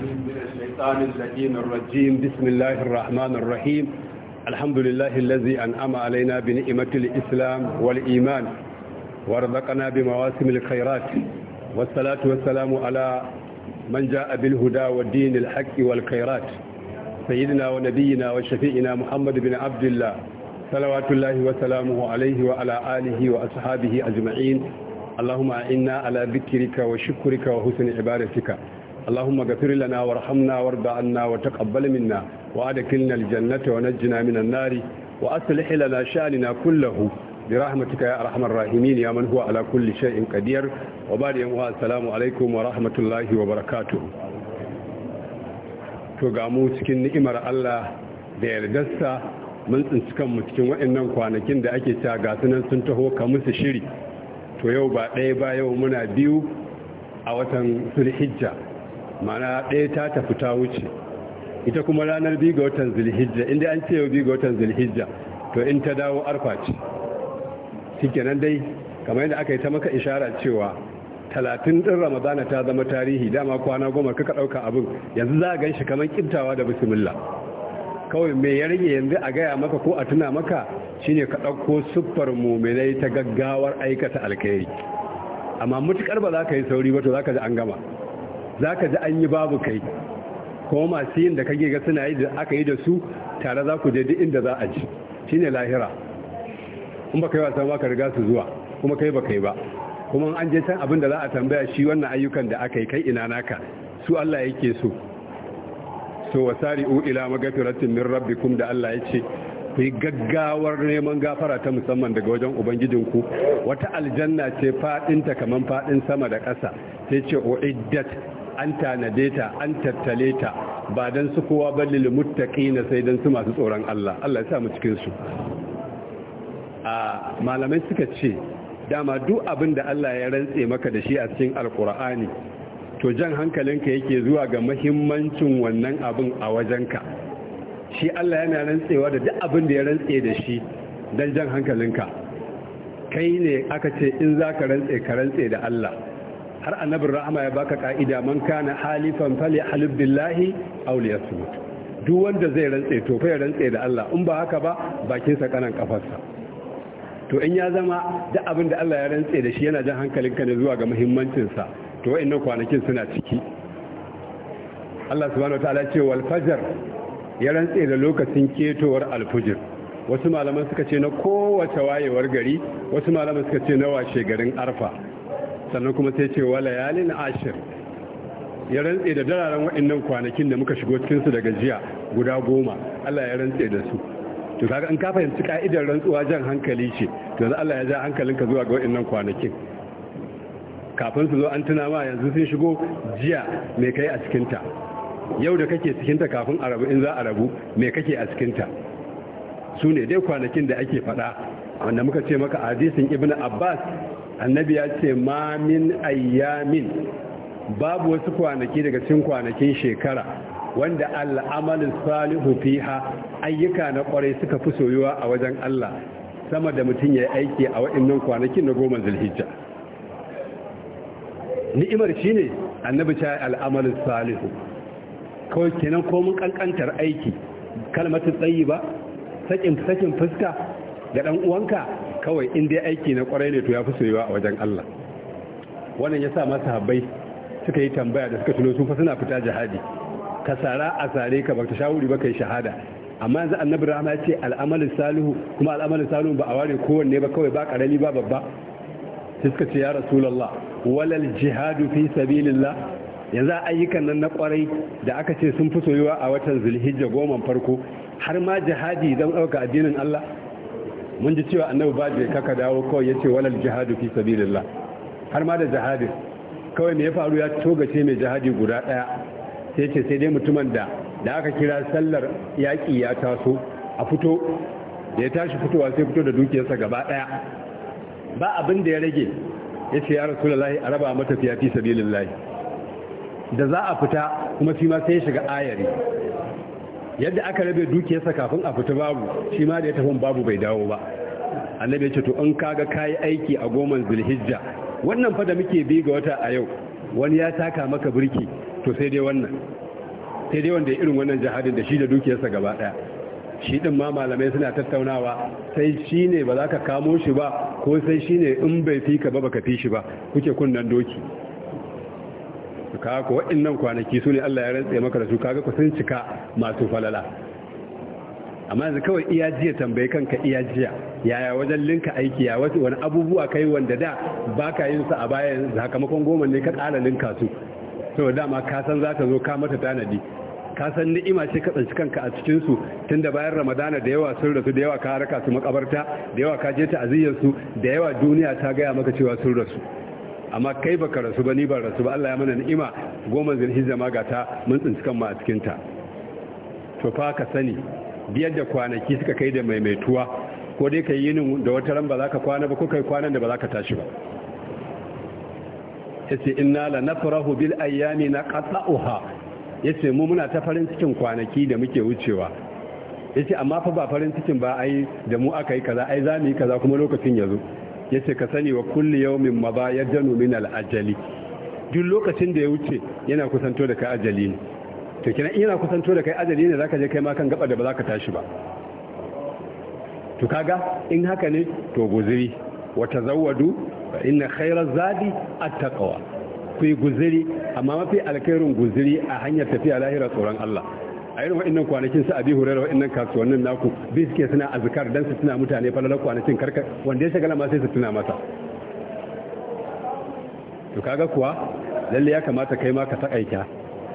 من الشيطان اللجين الرجيم بسم الله الرحمن الرحيم الحمد لله الذي أنعم علينا بنعمة الإسلام والإيمان ورزقنا بمواسم الخيرات والصلاة والسلام على من جاء بالهدى والدين الحق والخيرات سيدنا ونبينا وشفيئنا محمد بن عبد الله صلوات الله وسلامه عليه وعلى آله وأصحابه أجمعين اللهم إنا على ذكرك وشكرك وحسن عبادتك اللهم اغفر لنا وارحمنا وارض عنا وتقبل منا وادخلنا الجنة ونجنا من النار وأصلح لنا شأننا كله برحمتك يا أرحم الراحمين يا من هو على كل شيء قدير وبعد يوم السلام عليكم ورحمة الله وبركاته تقامو cikin ni'imar Allah da yardarsa mun tsinci kanmu cikin waɗannan kwanakin da ake cewa ga sunan sun taho ka musu shiri to yau ba ɗaya ba yau muna biyu a watan Zulhijja mana ɗaya ta tafi ta wuce ita kuma ranar biyu ga watan zulhijja inda an ce biyu ga watan zulhijja to in ta dawo arfa ce nan dai kamar yadda aka yi ta maka ishara cewa talatin ɗin ramadana ta zama tarihi dama kwana goma kaka ɗauka abin yanzu za a gan shi kamar kintawa da bismillah kawai mai ya rage yanzu a gaya maka ko a tuna maka shine ka ɗauko siffar muminai ta gaggawar aikata alkhairi amma mutukar ba za ka yi sauri ba to za ka ji an gama za ka ji an yi babu kai ko masu yin da kage ga suna yi da aka yi da su tare za ku je duk inda za a ji Shi ne lahira in ba kai wasan ba riga su zuwa kuma kai ba kai ba kuma an je can abin da za a tambaya shi wannan ayyukan da aka yi kai ina naka su Allah yake so so wasari'u ila magfiratin min rabbikum da Allah ya ce ku yi gaggawar neman gafara ta musamman daga wajen ubangijinku wata aljanna ce fadinta kaman fadin sama da ƙasa sai ce o iddat an tanade ta an tattale ta ba dan su kowa ba lil na sai dan su masu tsoron Allah Allah ya sa mu cikin a malamai suka ce dama duk abin da Allah ya rantse maka da shi a cikin alkur'ani to jan hankalinka yake zuwa ga mahimmancin wannan abin a wajenka shi Allah yana rantsewa da duk abin da ya rantse da shi don jan hankalinka kai ne aka ce in za ka rantse ka rantse da Allah har annabin rahama ya baka ka'ida man kana halifan fali halif billahi aw duk wanda zai rantse to fa ya rantse da Allah in ba haka ba bakin sa kanan kafarsa to in ya zama da abin da Allah ya rantse da shi yana jan hankalinka ne zuwa ga muhimmancin sa to wayannan kwanakin suna ciki Allah subhanahu wataala ce wal fajr ya rantse da lokacin ketowar fajr wasu malaman suka ce na kowace wayewar gari wasu malaman suka ce na washe garin arfa sannan kuma sai ce wala yalin ashir ya rantse da dararen waɗannan kwanakin da muka shigo cikinsu daga jiya guda goma Allah ya rantse da su to kaga in ka fahimci ka'idar rantsuwa jan hankali ce to yanzu Allah ya ja hankalinka zuwa ga waɗannan kwanakin kafin su zo an tuna ma yanzu sun shigo jiya me kai a cikinta yau da kake cikinta kafin a rabu in za a rabu me kake a cikinta su ne dai kwanakin da ake faɗa wanda muka ce maka hadisin ibn abbas annabi ya ce ma min ayyamin babu wasu kwanaki daga cikin kwanakin shekara wanda al'amalin salihu fiha ayyuka na kwarai suka fi soyuwa a wajen Allah sama da mutum ya aiki a waɗannan kwanakin na goma zulhijja ni'imar shine annabi ta al'amalin salihu kawai kenan komin kankantar aiki kalmatin tsayi ba sakin sakin fuska ga dan uwanka kawai in dai aiki na kwarai ne to ya fi soyuwa a wajen Allah wannan ya sa masu habai suka yi tambaya da suka tuno su fa suna fita jihadi ka sara a sare ka baka shawuri ba yi shahada amma yanzu annabi rahama ce al'amalin salihu kuma al'amalin salihu ba a ware kowanne ba kawai ba karami ba babba sai suka ce ya rasulullah walal jihadu fi sabilillah yanzu ayyukan nan na kwarai da aka ce sun fi soyuwa a watan zulhijja goma farko har ma jihadi don ɗauka addinin Allah mun ji cewa annabi ba je kaka dawo kawai yace walal jihadu fi sabilillah har ma da jihadin kawai me ya faru ya togace mai jihadi guda daya sai ce sai dai mutumin da da aka kira sallar yaƙi ya taso a fito da ya tashi fitowa sai fito da dukiyarsa gaba daya ba abin da ya rage ya ce ya rasu lahi a raba matafiya fi sabilillah da za a fita kuma shi ma sai ya shiga ayari yadda aka rabe dukiyarsa kafin a fita babu shi ma da ya tafi babu bai dawo ba annabi ya ce to in kaga kayi aiki a goman zulhijja wannan fa da muke bi ga wata a yau wani ya taka maka birki to sai dai wannan sai dai wanda ya irin wannan jihadin da shi da dukiyarsa gaba daya shi din ma malamai suna tattaunawa sai shi ne ba za ka kamo shi ba ko sai shi ne in bai fi ka ba baka fi shi ba kuke kunnan doki kaga ko wa'annan kwanaki su ne Allah ya rantse maka da su kaga ku sun cika masu falala amma yanzu kawai iya jiya tambaye kanka iya jiya yaya wajen linka aiki ya wasu wani abubuwa kai wanda da baka yin su a bayan sakamakon goma ne ka ƙara linka su to ma ka san za ta zo ka mata tanadi ka san ni'ima ce ka tsanci kanka a cikin su da bayan ramadana da yawa sun rasu da yawa ka haraka su makabarta da yawa ka je ta aziyar su da yawa duniya ta gaya maka cewa sun rasu amma kai baka rasu ba ni ba rasu ba Allah ya mana ni'ima goma zulhijja ma gata mun tsinci kanmu a cikin ta to fa ka sani biyar da kwanaki suka kai da maimaituwa ko dai kai yinin da wata ran ba za ka kwana ba ko kai kwanan da ba za ka tashi ba yace inna la nafrahu bil ayyami naqta'uha yace mu muna ta farin cikin kwanaki da muke wucewa yace amma fa ba farin cikin ba ai da mu aka yi kaza ai za mu yi kaza kuma lokacin ya zo yace ka sani wa kulli yawmin maba yajanu min al-ajali duk lokacin da ya wuce yana kusanto da kai ajali ne to kina yana kusanto da kai ajali ne zaka je kai ma kan gaba da ba zaka tashi ba to kaga in haka ne to guziri wa tazawwadu fa inna khayra zadi at-taqwa ku yi guziri amma mafi alkhairin guziri a hanyar tafiya lahira tsoron Allah a irin wa'annan kwanakin su abi hurairar wa'annan kasuwannin naku bi suke suna azkar dan su tuna mutane falalar kwanakin karkar wanda ya shagala ma sai su tuna masa to kaga kuwa lalle ya kamata kai ma ka takaita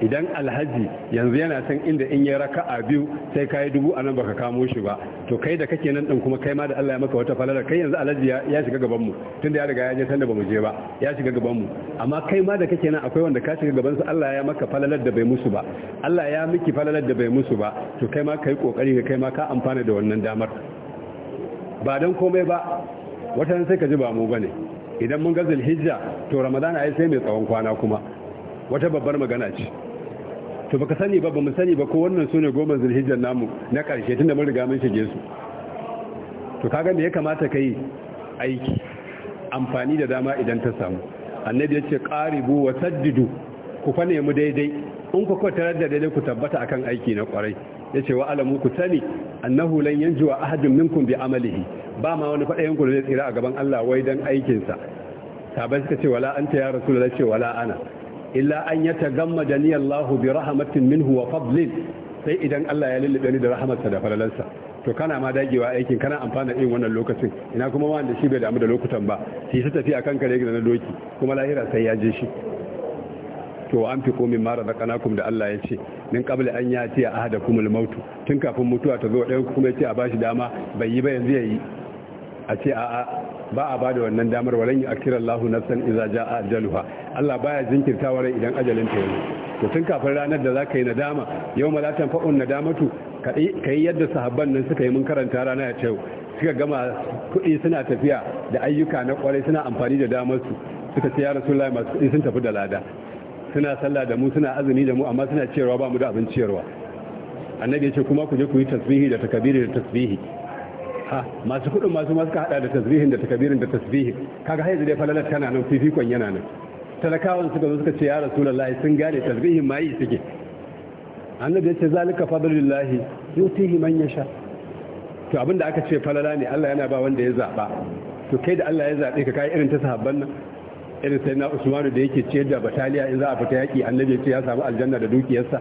idan alhaji yanzu yana san inda in yi raka'a biyu sai ka yi dubu anan baka kamo shi ba to kai da kake nan din kuma kai ma da Allah ya maka wata falala kai yanzu alhaji ya shiga gaban mu tunda ya riga ya je san da bamu je ba ya shiga gaban mu amma kai ma da kake nan akwai wanda ka shiga gaban su Allah ya maka falalar da bai musu ba Allah ya miki falalar da bai musu ba to kai ma kai kokari kai ma ka amfana da wannan damar ba don komai ba watan sai ka ji ba mu bane idan mun ga zulhijja to ramadana ai sai mai tsawon kwana kuma wata babbar magana ce to baka sani ba bamu sani ba ko wannan sune goma zulhijjar namu na karshe tunda mun riga mun shige su to kaga me ya kamata kai aiki amfani da dama idan ta samu annabi ya ce qaribu wa saddidu ku fa nemi daidai in ku ko tarar da daidai ku tabbata akan aiki na kwarai yace wa alamu ku sani annahu lan yanjuwa ahadun minkum bi amalihi ba ma wani fadayen ku da zai tsira a gaban Allah wai dan aikin sa sabai suka ce wala anta ya rasulullahi ce wala ana illa an da ni Allahu bi rahmatin minhu wa fadlin sai idan Allah ya lullube ni da rahamarsa da falalansa to kana ma dagewa aikin kana amfana irin wannan lokacin ina kuma wanda shi bai damu da lokutan ba shi su tafi akan kare na doki kuma lahira sai ya je shi to an fi komin mara da kanakum da Allah ya ce min kabla an ya ce a hada tun kafin mutuwa ta zo ɗaya kuma ya ce a bashi dama bai yi ba yanzu ya yi a ce a'a ba a bada wannan damar walan Allah nafsan idza jaa ajaluha Allah baya jinkirta rai idan ajalin ta yi to tun kafin ranar da zaka yi nadama yau ma la fa'un nadamatu kai yadda sahabban nan suka yi mun karanta rana ya ce suka gama kuɗi suna tafiya da ayyuka na kwarai suna amfani da damar su suka ce ya rasulullahi masu kuɗi sun tafi da lada suna sallah da mu suna azumi da mu amma suna ciyarwa ba mu da abin ciyarwa annabi ya ce kuma ku je ku yi tasbihi da takabiri da tasbihi ha masu kudin masu masu ka hada da tasbihin da takabirin da tasbihin kaga haizu dai falalar tana nan fifikon yana nan talakawan suka zo suka ce ya rasulullahi sun gane tasbihin ma yi suke annabi ya ce zalika fadlullahi yutihi man yasha to abinda aka ce falala ne Allah yana ba wanda ya zaba to kai da Allah ya zabe ka kai irin ta sahabban nan irin sai na Usmanu da yake ciyar da bataliya in za a fita yaki annabi ya ce ya samu aljanna da dukiyarsa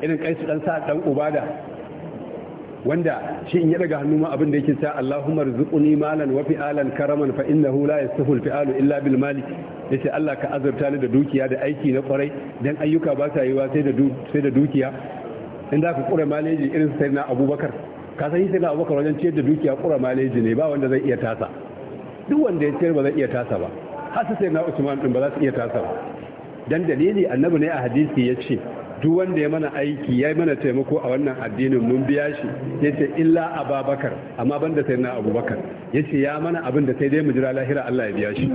irin kai su dan sa dan ubada wanda shi in ya daga hannu ma abin da yake ta Allahumma rzuqni malan wa fi'alan karaman fa innahu la yastahu al-fi'alu illa bil mali yace Allah ka azurta ni da dukiya da aiki na kwarai dan ayyuka ba sa yiwa sai da sai da dukiya in da ka kura maleji irin sai na Abubakar ka san sai na Abubakar wajen ciyar da dukiya kura maleji ne ba wanda zai iya tasa duk wanda ya ciyar ba zai iya tasa ba har sai na Usman din ba za su iya tasa ba dan dalili annabi ne a hadisi yace duk wanda ya mana aiki ya mana taimako a wannan addinin mun biya shi ya ce illa ababakar amma da sai na abubakar ya ce ya mana abin da sai dai mu jira lahira Allah ya biya shi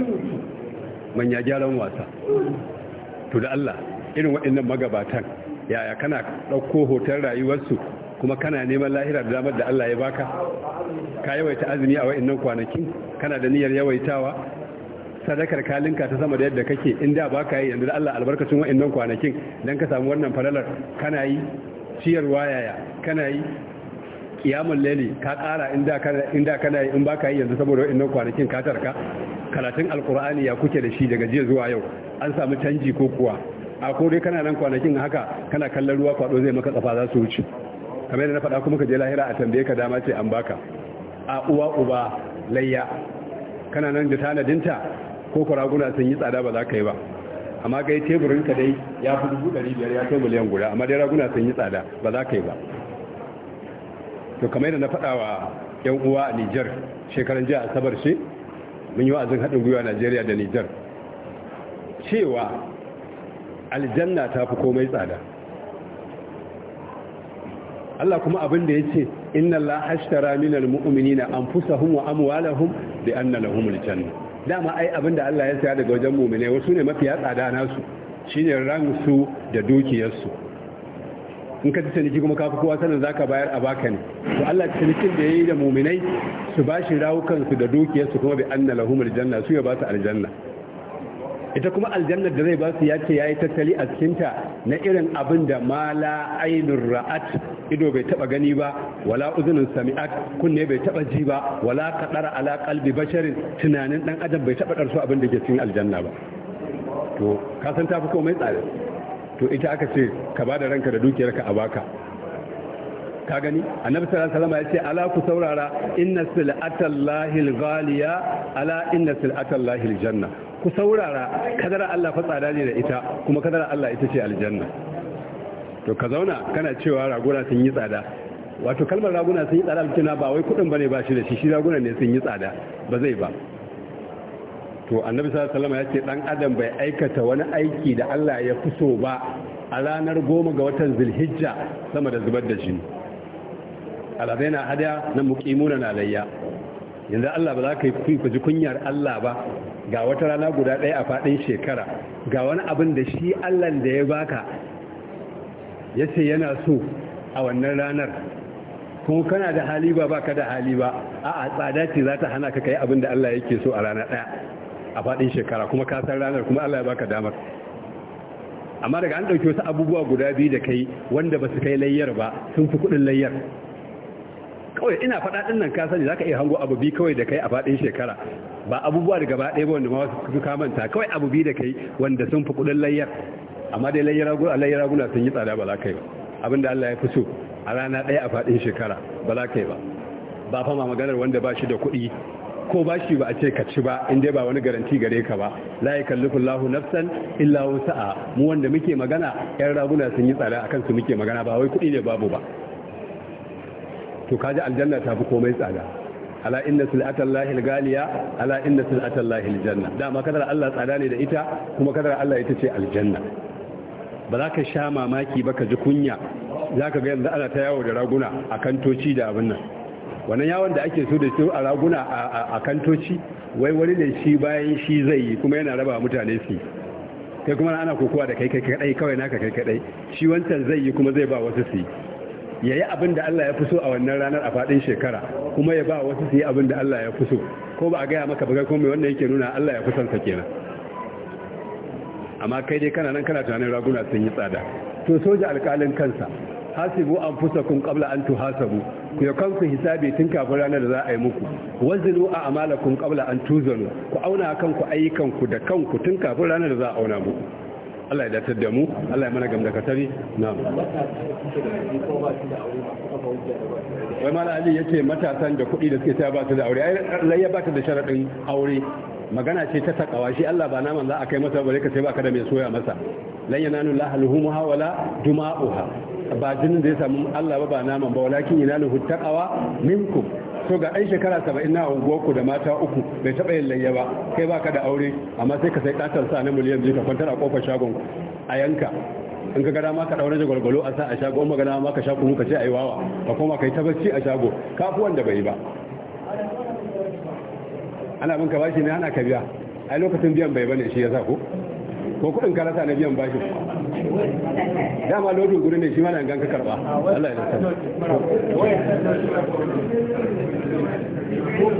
manya gyaran wasa to da Allah irin waɗannan magabatan yaya kana ɗauko hoton rayuwarsu kuma kana neman lahira da damar da Allah ya baka ka yawaita azumi a waɗannan kwanakin kana da niyyar yawaitawa sadakar kalinka ta sama da yadda kake in da baka yi yanzu da Allah albarkacin wa'annan kwanakin dan ka samu wannan falalar kana yi ciyarwa yaya kana yi kiyamun laili ka ƙara inda kana yi in baka yi yanzu saboda wa'annan kwanakin ka tarka karatun alkur'ani ya kuke da shi daga jiya zuwa yau an samu canji ko kuwa a ko dai kana nan kwanakin haka kana kallon ruwa kwado zai maka tsafa za su wuce kamar yadda na faɗa kuma ka je lahira a tambaye ka dama ce an baka a uwa uba layya kana nan da tanadinta ko raguna sun yi tsada ba za ka yi ba amma kai teburin ka dai ya fi dubu ɗari biyar ya kai miliyan guda amma dai raguna sun yi tsada ba za ka yi ba to kamar yadda na faɗa wa yan uwa a Nijar shekaran jiya asabar ce mun yi wa'azin haɗin gwiwa Najeriya da Nijar cewa aljanna ta fi komai tsada Allah kuma abin da ya ce inna Allah hashtara minal mu'minina anfusahum wa amwalahum bi anna lahumul janna dama ai abin da Allah ya saya daga wajen mu'mine wasu ne mafiya tsada nasu shine ransu da dukiyarsu in ka ci ciniki kuma kafi kowa sanin zaka bayar a baka ne to Allah kin da yayi da mu'minai su bashi rawukan su da dukiyarsu kuma bi anna lahumul janna su ya ba su aljanna ita kuma aljannar da zai ba su ya ce yayi tattali a cikin ta na irin abin da ma la ra'at ido bai taba gani ba wala uzunun sami'at kunne bai taba ji ba wala kadara ala qalbi basharin tunanin dan adam bai taba darsu abin da ke cikin aljanna ba to ka san tafi komai tsare to ita aka ce ka bada ranka da dukiyarka a baka ka gani annabi sallallahu alaihi wasallam ya ce ala ku saurara inna silatallahi ghaliya ala inna silatallahi aljanna ku saurara kadara Allah fa tsada ne da ita kuma kadara Allah ita ce aljanna to ka zauna kana cewa raguna sun yi tsada wato kalmar raguna sun yi tsada alkina ba wai kudin bane ba shi da shi shi raguna ne sun yi tsada ba zai ba to annabi sallallahu alaihi wasallam ya ce dan adam bai aikata wani aiki da Allah ya fi so ba a ranar goma ga watan zulhijja sama da zubar da jini alazai na hadaya na mukimuna na layya yanzu Allah ba za ka yi ku kunyar Allah ba ga wata rana guda ɗaya a faɗin shekara ga wani abin da shi Allah da ya baka ya ce yana so a wannan ranar kuma kana da hali ba ba ka da hali ba a a tsada ce za ta hana ka kai abin da Allah yake so a rana ɗaya a faɗin shekara kuma ka san ranar kuma Allah ya baka damar amma daga an ɗauki wasu abubuwa guda biyu da kai wanda ba su kai layyar ba sun fi kuɗin layyar kawai ina faɗa ɗin nan ka sani zaka iya hango abu bi kawai da kai a faɗin shekara ba abubuwa da gaba ɗaya ba wanda ma su ka manta kawai abu bi da kai wanda sun fi kuɗin layyar amma dai layyar guna raguna sun yi tsada ba za kai ba abinda Allah ya fi so a rana ɗaya a faɗin shekara ba za kai ba ba fa ma maganar wanda ba shi da kuɗi ko ba shi ba a ce ka ci ba in dai ba wani garanti gare ka ba la yakallifu Allahu nafsan illa wusa'a mu wanda muke magana yan raguna sun yi tsada akan su muke magana ba wai kuɗi ne babu ba to kaji aljanna ta fi komai tsada ala inna sil'atan lahil galiya ala inna sil'atan lahil janna dama kadar Allah tsada ne da ita kuma kadar Allah ita ce aljanna ba za ka sha mamaki ba ka ji kunya za ka ga yanzu ana ta yawo da raguna a kantoci da abin nan wannan yawon da ake so da su a raguna a kantoci wai wani ne shi bayan shi zai yi kuma yana raba mutane su kai kuma ana kokowa da kai kai kadai kawai naka kai kadai shi wancan zai yi kuma zai ba wasu su yi ya yi abin da Allah ya fi so a wannan ranar a faɗin shekara kuma ya ba wasu su yi abin da Allah ya fi so ko ba a gaya maka ba kuma wannan yake nuna Allah ya fi son sa kenan amma kai dai kana nan kana tunanin raguna sun yi tsada to soja alkalin kansa hasibu an fusa kun qabla an tu hasabu ku ya kanku hisabi tun kafin ranar da za a yi muku wazinu a amala kun qabla an tuzanu ku auna kanku ayyukanku da kanku tun kafin ranar da za a auna muku Allah ya datar da mu Allah ya mana gamdakatari na'am wai mala ali yace matasan da kuɗi da suke ta ba su da aure ai ya ba ta da sharadin aure magana ce ta takawa shi Allah ba naman za a kai masa bare ka sai baka da mai soya masa lan yanalu la halhumuha wala duma'uha ba jinin da ya samu Allah ba ba naman ba walakin yanalu taqwa minkum to ga ai shekara saba'in na unguwarku da mata uku bai taɓa yin layya ba kai baka da aure amma sai ka sai katon sa na miliyan biyu ka kwantar a kofar shagon a yanka in ka gada ma ka daure jagwalgwalo a sa a shago in magana ma ka sha kunu ka ce a yi wawa ka koma kai ta bacci a shago kafuwan wanda bai ba ana bin ka bashi ne ana ka biya ai lokacin biyan bai bane shi ya sa ko kuɗin ka rasa na biyan bashi dama lodin guri ne shi ma ganka karba Allah ya